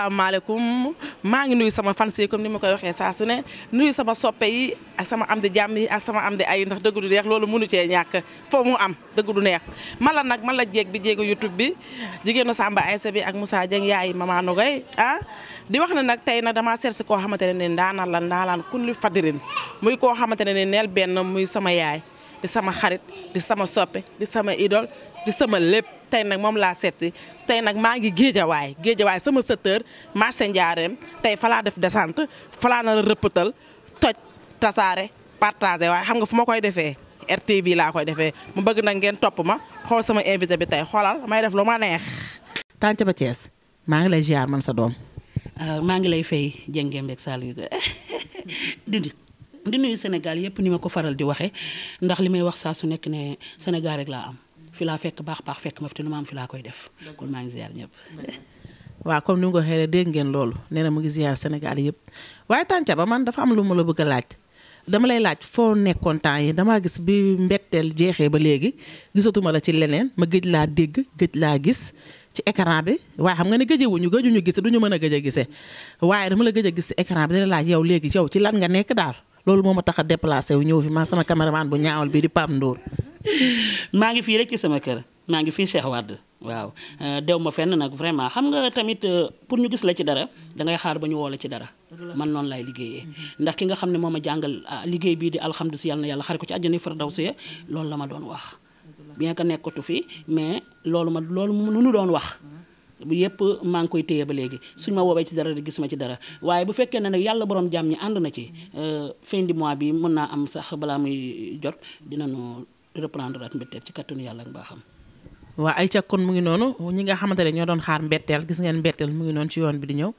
asalaamaaleykum maa ngi nuyu sama fan yi comme ni ma koy waxee saa su ne nuyu sama soppe yi ak sama am di jàmm yi ak sama am di ay ndax dëgg du neex loolu mënu cee ñàkk foo mu am dëgg du neex man la nag man la jéeg bi jéegu YouTube bi jigéenu Samba Aïssa bi ak Moussa Dieng yaay Mama Nogay ah di wax ne nag tey nag damaa seet si koo xamante ne ni ndaanaan la ndaalaan kulli fadirin muy koo xamante ne ni neel benn muy sama yaay di sama xarit di sama soppe di sama idole di sama lépp tey nag moom laa seet tey nag maa ngi géejawaay géejawaay sama secteur marché njaareem tey falaa def descente falaa na la toj tasaare partagé waaye xam nga fu ma koy defee RTV laa koy defee mu bëgg nag ngeen topp ma xool sama invité bi tey xoolal may def lu ma neex. Tante ba Thiès maa ngi lay ziar man sa doom. Euh, maa ngi lay fay jëngee mbeg Saliou Dudu di nuyu Sénégal yëpp ni ma ko faral di waxee ndax li may wax saa su nekk ne Sénégal rek laa am. fi laa fekk baax baax fekk ma fi te nu ma am fi laa koy def. kon maa ngi ziar ko waxee dégg ngeen loolu nee na mu ngi ziar Sénégal yëpp waaye tànca ba man dafa am lu ma la bëgg a laaj dama lay laaj foo nekkoon temps yi damaa gis bi mbetteel jeexee ba léegi gisatuma la ci leneen ma gëj laa dégg gëj laa gis. ci écran bi waaye xam nga ne gëj wuñu gëjuñu gise duñu mën a gëj a gisee waaye dama la gëj a gis ci écran bi dina laaj yow léegi yow ci lan nga nekk daal loolu moo ma tax a déplacé wu ñëw fi ma sama caméraman bu ñaawal bi di Pape Ndour maa ngi fii rek sama kër maa ngi fii Cheikh Wade waaw euh, dew ma fenn nag vraiment xam nga tamit euh, pour ñu gis la ci dara da ngay xaar ba ñu woo la ci dara man noonu lay liggéeyee ndax ki nga xam ne moom ma jàngal ah, liggéey bii di alhamdu si yàlla xare ko ci àjjana see loolu la ma doon wax bien que nekkatu fi mais loolu ma loolu nu nu doon wax yëpp maa ngi koy téye ba léegi suñ ma woowee ci dara di gis ma ci dara waaye bu fekkee ne nag yàlla borom jàmm ñi ànd na ci euh, fin du mois bi mën naa am sax balaa muy jot dinañu reprendre at mbetteel ci kattanu yàlla ak baaxam. waa ay ca kon mu ngi noonu ñi nga xamante ne ñoo doon xaar mbetteel gis ngeen mbetteel mu ngi noonu ci yoon bi di ñëw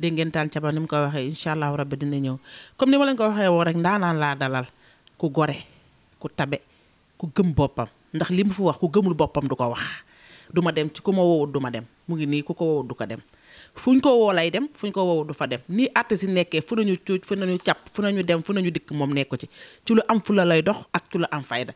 dégg ngeen taan caba ni mu ko waxee incha allahu rabbi dina ñëw comme ni ma leen ko waxee woo rek ndaanaan laa ku gore ku tabe ku gëm boppam ndax li mu fu wax ku gëmul boppam du ko wax duma dem ci ku ma woowut duma dem mu ngi nii ku ko woowut du ko dem fuñ ko woo lay dem ko woo du fa dem nii artiste si nekkee fu nañu cuuj fu nañu càpp fu nañu dem fu nañu dikk moom nekku ci ci lu am fu la lay dox ak ci lu am fayda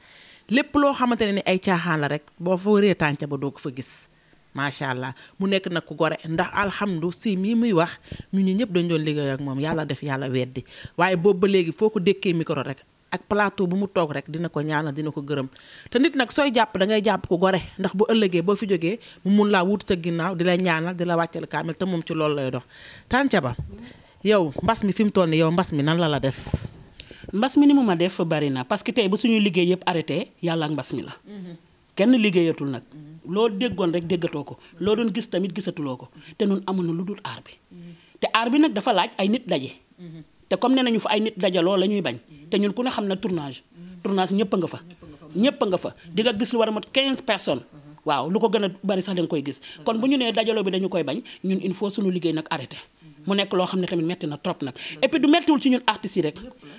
lépp loo xamante ne ni ay caaxaan la rek boo fa reetaan ca ba doo ko fa gis macha allah mu nekk nag ku gore ndax alhamdu si mii muy wax ñu ñi ñëpp dañ doon liggéey ak moom yàlla def yàlla weddi waaye boobu ba léegi foo ko dékkee micro rek ak plateau bu mu toog rek dina ko ñaanal dina ko gërëm te nit nag sooy jàpp da ngay jàpp ku gore ndax bu ëllëgee boo fi jógee mu mun laa wut sa ginnaaw di la ñaanal di la wàccal kaamil te moom ci loolu lay dox tànca ba yow mbas mi fi mu toll nii yow mbas mi nan la la def mbas mi ni mu ma def bari na parce que tey ba suñu liggéey yëpp arrêté yàlla mbas mi la. kenn liggéeyatul nag. loo déggoon rek déggatoo ko loo doon gis tamit gisatuloo ko te nun amuñu lu dul aar bi. te aar bi nag dafa laaj ay nit daje. te comme ne nañu fa ay nit dajaloo la ñuy bañ. te ñun ku ne xam na tournage. tournage ñëpp nga fa. ñëpp nga fa di nga gis lu war a mat 15 personnes. waaw lu ko gën a bari sax da nga koy gis. kon bu ñu nee dajaloo bi dañu koy bañ ñun il faut suñu liggéey nag arrêté. mu nekk loo xam ne tamit metti na trop nag et puis du mettiwul ci ñun artistes yi rek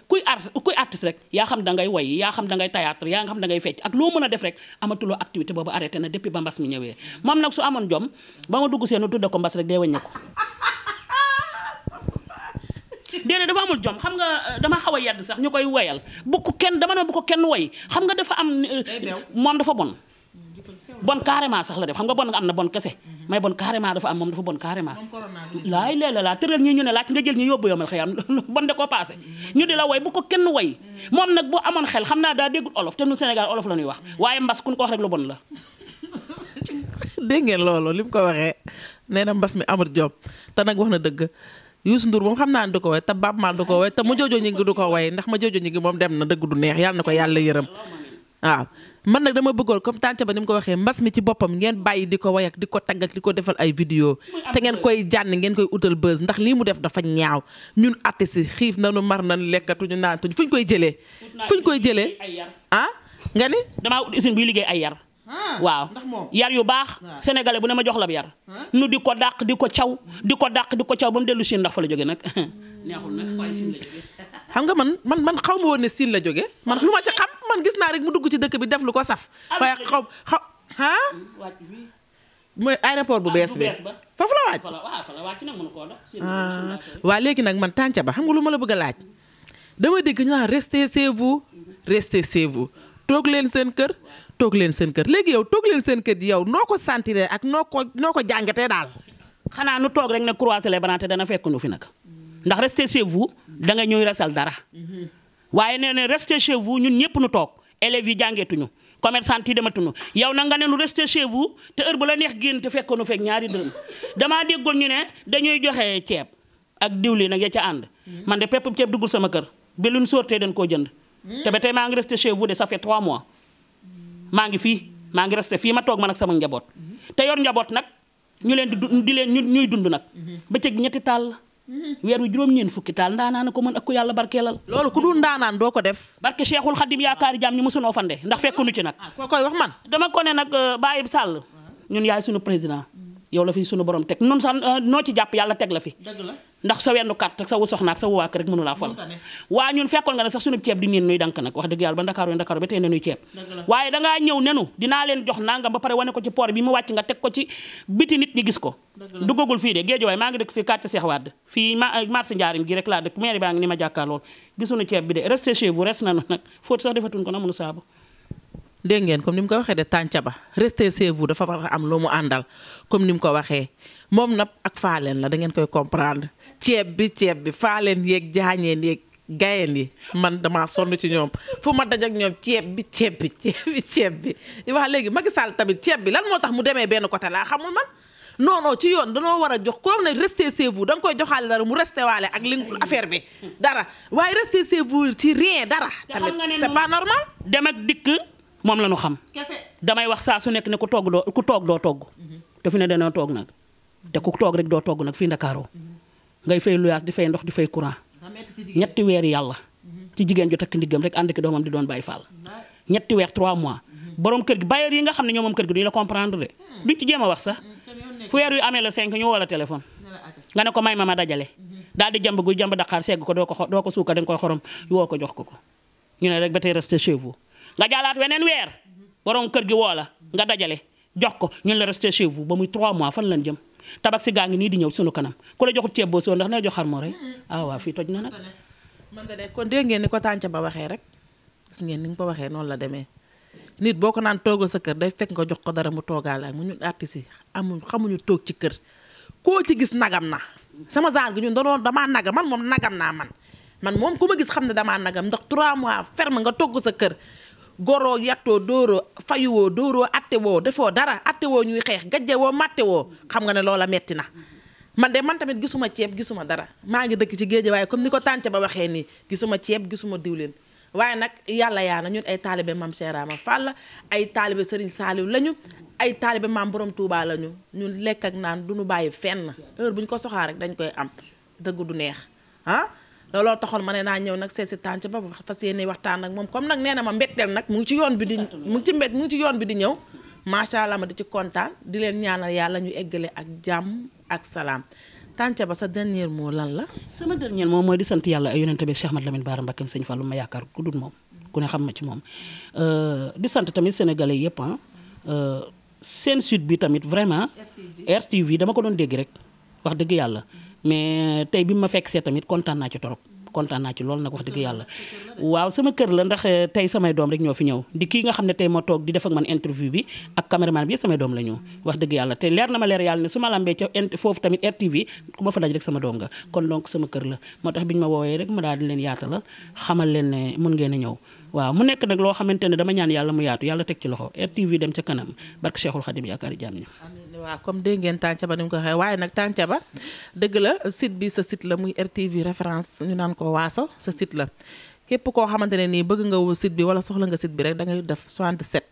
kuy art kuy artiste rek yaa xam da ngay woy yaa xam da ngay théâtre yaa xam da ngay fecc ak loo mën a def rek amatuloo activité boobu arrêté na depuis bambas mi ñëwee moom nag su amoon jom ba ma dugg seen tudde ko mbas rek dee wàññi ko déedéet dafa amul jom xam nga euh, dama xaw a yedd sax ñu koy woyal bu ko kenn dama ne bu ko kenn woy xam nga dafa am euh, moom dafa bon bon carrément sax la def xam nga bon nga na bon kese may bon carrément dafa am moom dafa bon carrément laay léeg-léeg laa tëral ñi ñu ne laaj nga jël ñu yóbbu yomal xëyam bon de koo passé ñu di la way bu ko kenn way moom nag boo amoon xel xam naa daa déggul olof te nu Sénégal olof la ñuy wax waaye mbas ku ko wax rek lu bon la dégg loolu li mu ko waxee nee na mbas mi amul jom te nag wax na dëgg Youssou Ndour moom xam naa ne du ko way te Baaba Maal du ko way te ma joojo ñi ngi du ko way ndax ma joojo ñi ngi moom dem na dëgg du neex na ko yàlla yërëm waaw man nag dama bëggoon comme tànca ba ni mu ko waxee mas mi ci boppam ngeen bàyyi di ko wayak di ko taggat di ko defal ay vidéo te ngeen koy jànn ngeen koy utal buzz ndax lii mu def dafa ñaaw ñun artiste xiif nanu mar nan lekkatu naantuñu ñu koy jëlee fu ñu koy jëlee ah nga ni dama ut usine buy liggéey ay yar ah, waaw yar yu baax ah. sénégalais bu ne ma jox la bi yar ah? nu di ko dàq di ko caw di ko dàq di ko caw ba mu dellu Chine ndax fa la jógee nag xam nga man man man xaw ma woon ne siin la jóge man lu ma ci xam man gis naa rek mu dugg ci dëkk bi def lu ko saf. waaye xaw xaw ah. mooy aéroport bu ah, bees bi foofu la waaj. waaw ah, léegi nag man tànca ba xam nga lu ma la bëgg a laaj. dama dégg ñu naan restez chez vous restez toog leen seen kër toog leen seen kër léegi yow toog leen seen kër yow noo ko sentiree ak noo ko noo ko jàngatee daal. xanaa nu toog rek ne croiser les bras te dana fekk nu fi nag. ndax rester chez vous da nga ñuy rasal dara waye nee na rester chez vous ñun ñepp nu tok élève yi jàngeetuñu commerçant yi dematuñu yow na nga ne nu rester chez vous te heure bu la neex génn te fekkoonu fek ñaari dërëm dama déggoon ñu ne dañuy joxe ceeb ak diwli nak ya ca and man de pepp ceeb duggul sama kër bi luñ sorté dañ ko jënd te ba ma nga ngi resté chez vous de ça fait 3 mois ma nga fi ma nga resté fi ma tok man ak sama njabot te yor njabot nak ñu leen di di leen ñuy dund nak bëccëg bi ñetti tal weer wi juróom ñeen fukki taal ndaanaan ko mën ak ko yàlla barkeelal. loolu ku dul ndaanaan doo ko def. barke Cheikhul Khadim yaakaari jàmm ñu mosunoo fande ndax fekkuñu ci nag. Ah, koo koy wax man. dama ko ne nag euh, Baye sàll ñun yaay suñu président. yow la fi sunu borom teg noonu sax euh, noo ci jàpp yàlla teg la fi. dëgg la ndax sa wennu kàtt sa wu soxna ak sa wu waa kër rek mënu laa fal. waa ñun fekkoon nga ne sax sunu ceeb di neen nuy dank nag wax dëgg yàlla ba ndakaaru ndakaaru ba tey ne nuy ceeb. waaye dangaa ñëw jox nangam ba pare wane ko ci port bi mu wàcc nga teg ko ci nit ñi gis ko. duggagul fii de géejuwaay maa ngi dëkk fii quartier Cheikh Wade fii ma euh, marché Njaarim gi rek laa dëkk mairie baa ngi ni ma jàkkaar lool gisuñu ceeb bi de restez chez vous reste nanu nag fóot sax defatuñ ko na mënu saabu dégg ngeen comme ni mu ko waxee de tàncaba ba chez vous dafa war a am loo mu àndal comme ni mu ko waxee moom nag ak faaleen la da ngeen koy comprendre ceeb bi ceeb bi faaleen yeeg jaañeen yeeg gayeen yi man damaa sonn ci ñoom fu ma daj ak ñoom ceeb bi ceeb bi ceeb bi ceeb bi wax léegi Macky tamit ceeb bi lan moo tax mu demee benn côté laa xamul man non non ci yoon danoo war a jox comme ne restez chez vous da nga koy joxaale dara mu resté waale ak li affaire bi dara waaye restez chez ci rien dara. tamit c'est pas normal. dem ak dikk. moom la ñu xam. damay wax saa su nekk ne ku toog doo ku toog doo togg. Mm-hmm. te fi ne dana toog nag te ku toog rek doo togg nag fii Ndakaaru mm-hmm. ngay fay luyaas di fay ndox di fay courant. ñetti weer yàlla. Mm-hmm. ci jigéen ju takk ndiggam rek ànd ki doomam di doon bàyyi faal. ñetti weer 3 mois. borom kër gi bailleur yi nga xam ne ñoo moom kër gi duñu la comprendre de mm. duñ ci jéem a wax sax mm, weer yu amee la 5 ñu woo la téléphone nga ne ko may ma ma dajale daal di jàmb guy jàmb daqaar segg ko doo ko doo ko suuka da nga koy xorom woo ko jox ko ko ñu ne rek ba tey resté chez vous. nga jaalaat weneen weer borom kër gi woola nga dajale jox ko ñun la resté chez ba muy 3 mois fan lañ jëm tabax si gaa ngi nii di ñëw sunu kanam ku la joxut ceeb boo soo ndax na jox xar moo rey ah fii toj na nag. man de kon dégg ngeen ni ko tànca ba waxee rek gis ngeen ni nga ko waxee noonu la demee nit boo ko naan toogal sa kër day fekk nga jox ko dara mu toogaale ak mu ñun artiste yi amuñu xamuñu toog ci kër koo ci gis nagam na sama genre gi ñun da doon damaa man moom nagam naa man man moom ku ma gis xam ne damaa nagam ndax trois mois ferme nga togg sa kër goroo yattoo dóoroo fayuwoo dóoroo attewoo defoo dara attewoo ñuy xeex gajjewoo màttewoo xam nga ne loola metti na man de man tamit gisuma ceeb gisuma dara maa ngi dëkk ci géej waaye comme ni ko tànce ba waxee ni gisuma ceeb gisuma diwlin waaye nag yàlla yaa na ñun ay taalibe mam Cheikh Fall ay taalibe Serigne Saliou lañu ay taalibe maam borom Touba lañu ñun lekk ak naan du nu bàyyi fenn heure bu ñu ko soxaa rek dañ koy am dëgg du neex ah? looloo taxoon ma ne naa ñëw nag seet si tànc ba ba fas yéene waxtaan ak moom comme nag nee na ma mbetteel nag mu ngi ci yoon bi di mu ngi ci mbett mu ngi ci yoon bi di ñëw macha allah ma di ci kontaan di leen ñaanal yàlla ñu eggale ak jàmm ak salaam tànca ba sa dernier moo lan la. sama dernier moom mooy di sant yàlla ay yonent bi Cheikh Ahmad Lamine Bara Mbacké sëñ Fallou ma yaakaar ku dul moom ku ne xam ma ci moom euh, di sant tamit sénégalais yëpp ah. euh, seen suite bi tamit vraiment RTV dama ko doon dégg rek wax dëgg yàlla. mais tey bi ma fekk see tamit kontaan naa ci torop kontaan naa ci loolu nag wax dëgg yàlla waaw sama kër la ndax eh, tey samay doom rek ñoo fi ñëw di kii nga xam ne tey ma toog di def ak man interview bi ak caméraman bi yëpp la ñu wax dëgg yàlla leer na ma leer yàlla ne su ma lambee ca foofu tamit RTV ku ma fa daj rek sama doom nga kon donc sama kër la moo tax bi ñu ma woowee rek ma daal di leen la xamal leen ne mun ngeen a ñëw waaw mu nekk nag loo xamante ne dama ñaan yàlla mu yaatu yàlla teg ci loxo RTV dem ca kanam barke Cheikhul Khadim yaakaari jaam ñi waaw comme dégg ngeen Tanthiaba ni mu ko waxee waaye nag Tanthiaba dëgg la site bi sa site la muy RTV référence ñu naan ko waaso sa site la képp koo xamantene ni bëgg nga site bi wala soxla nga site bi rek da ngay def 77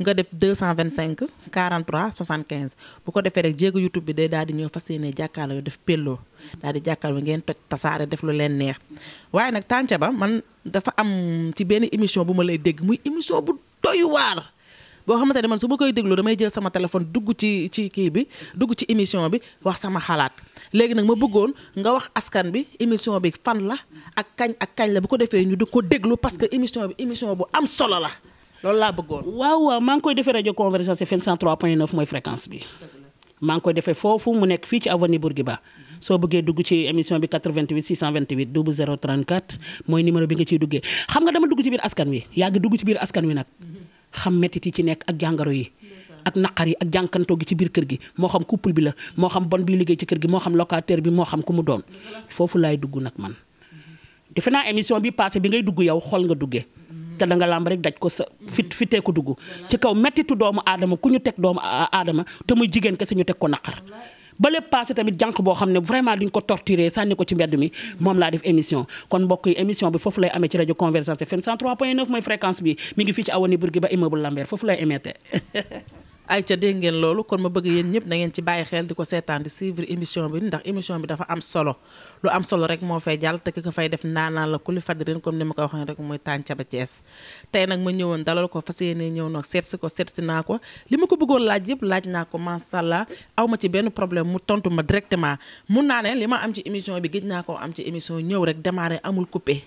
nga def 225 43 75 bu ko defee rek jéego YouTube bi day daal di ñëw fas yéene jàkkaarloo def pello daal di jàkkaarloo ngeen toj tasaare def lu leen neex waaye nag Tanthiaba man dafa am ci benn émission bu ma lay dégg muy émission bu doy waar boo xamante ne man su ma koy déglu damay jël sama téléphone dugg ci ci kii bi dugg ci émission bi wax sama xalaat léegi nag ma bëggoon nga wax askan bi émission bi fan la ak kañ ak kañ la bu ko defee ñu di ko déglu parce que émission bi émission bu am solo la loolu laa bëggoon. waaw waaw maa ngi koy defee rajo Convergence FM 103.9 mooy fréquence bi. foofu mu nekk fii ci avenue Bourguiba soo bëggee dugg ci émission bi 88 628 00 34 mooy numéro bi nga ciy duggee xam nga dama dugg ci biir askan wi yàgg dugg ci biir askan wi nag. xam métit yi ci nekk ak jàngaro yi ak naqar yi ak jànkantoo gi ci biir kër gi moo xam couple bi la moo xam bon bi liggéey ci kër gi moo xam locataire bi moo xam ku mu doon foofu laay dugg nag man defe naa émission bi passé bi ngay dugg yow xool nga duggee te da nga làmb rek daj ko sa fit fitee ko dugg ci kaw mettitu doomu aadama ku ñu teg doomu aadama te muy jigéen kese ñu teg ko naqar ba lépp passé tamit jank bo xamné vraiment duñ ko torturer sànni ko ci mbedd mi mom la def émission kon mbokk yi émission bi fofu lay amé ci radio conversation FM 103.9 mooy fréquence bi mi ngi fi ci Awani ba immeuble Lambert fofu lay émettre ay ca dégg ngeen loolu kon ma bëgg yéen ñëpp na ngeen ci bàyyi xel di ko seetaan di suivre émission bi ndax émission bi dafa am solo lu am solo rek moo fay jàll te ki ko fay def naanaan la kuli fadirin comme ni ma ko waxee rek mooy Tandia Ba Thiès tey nag ma ñëwoon dalal ko fas yéene ñëw nag seet si ko seet si naa ko li ma ko bëggoon laaj yëpp laaj naa ko macha allah aw ma ci benn problème mu tontu ma directement mun naa ne li ma am ci émission bi gis naa koo am ci émission ñëw rek démarré amul coupé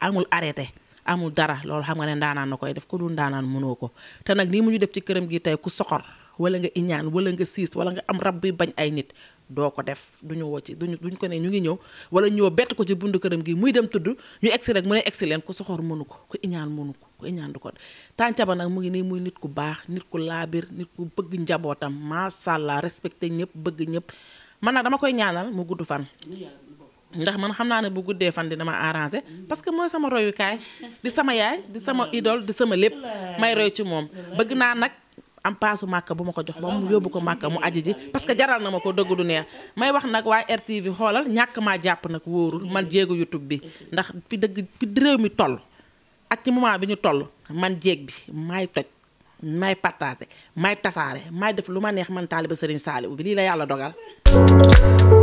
amul arrêté amul dara loolu xam nga ne ndaanaan na koy def ku dul ndaanaan mënoo ko te nag nii mu ñu def ci këram gi tey ku soxor wala nga iñaan wala nga siis wala nga am rab bi bañ ay nit doo ko def du woo ci duñu duñ ko ne ñu ngi ñëw wala ñëw bett ko ci bundu këram gi muy dem tudd ñu egsi rek mu ne egsi leen ku soxor mënu ko ku iñaan mënu ko ku iñaan du ko tànca ba nag mu ngi nii muy nit ku baax nit ku laabir nit ku bëgg njabootam masha Allah respecté ñëpp bëgg ñëpp man dama koy ñaanal mu gudd fan ndax man xam naa ne bu guddee fan dina ma arrangé parce que mooy sama royukaay di sama yaay di sama idole di sama lépp may roy ci moom bëgg naa nag am paasu màkk bu ma ko jox ba mu yóbbu ko màkk mu aji ji parce que jaral na ma ko dëgg du neex may wax nag waa RTV xoolal ñàkk maa jàpp nag wóorul man jéegu YouTube bi ndax fi dëgg fi réew mi toll ak ci moment bi ñu toll man jéeg bi maay toj maay partagé maay tasaare maay def lu ma neex man taaliba Serigne Saliou bi lii la yàlla dogal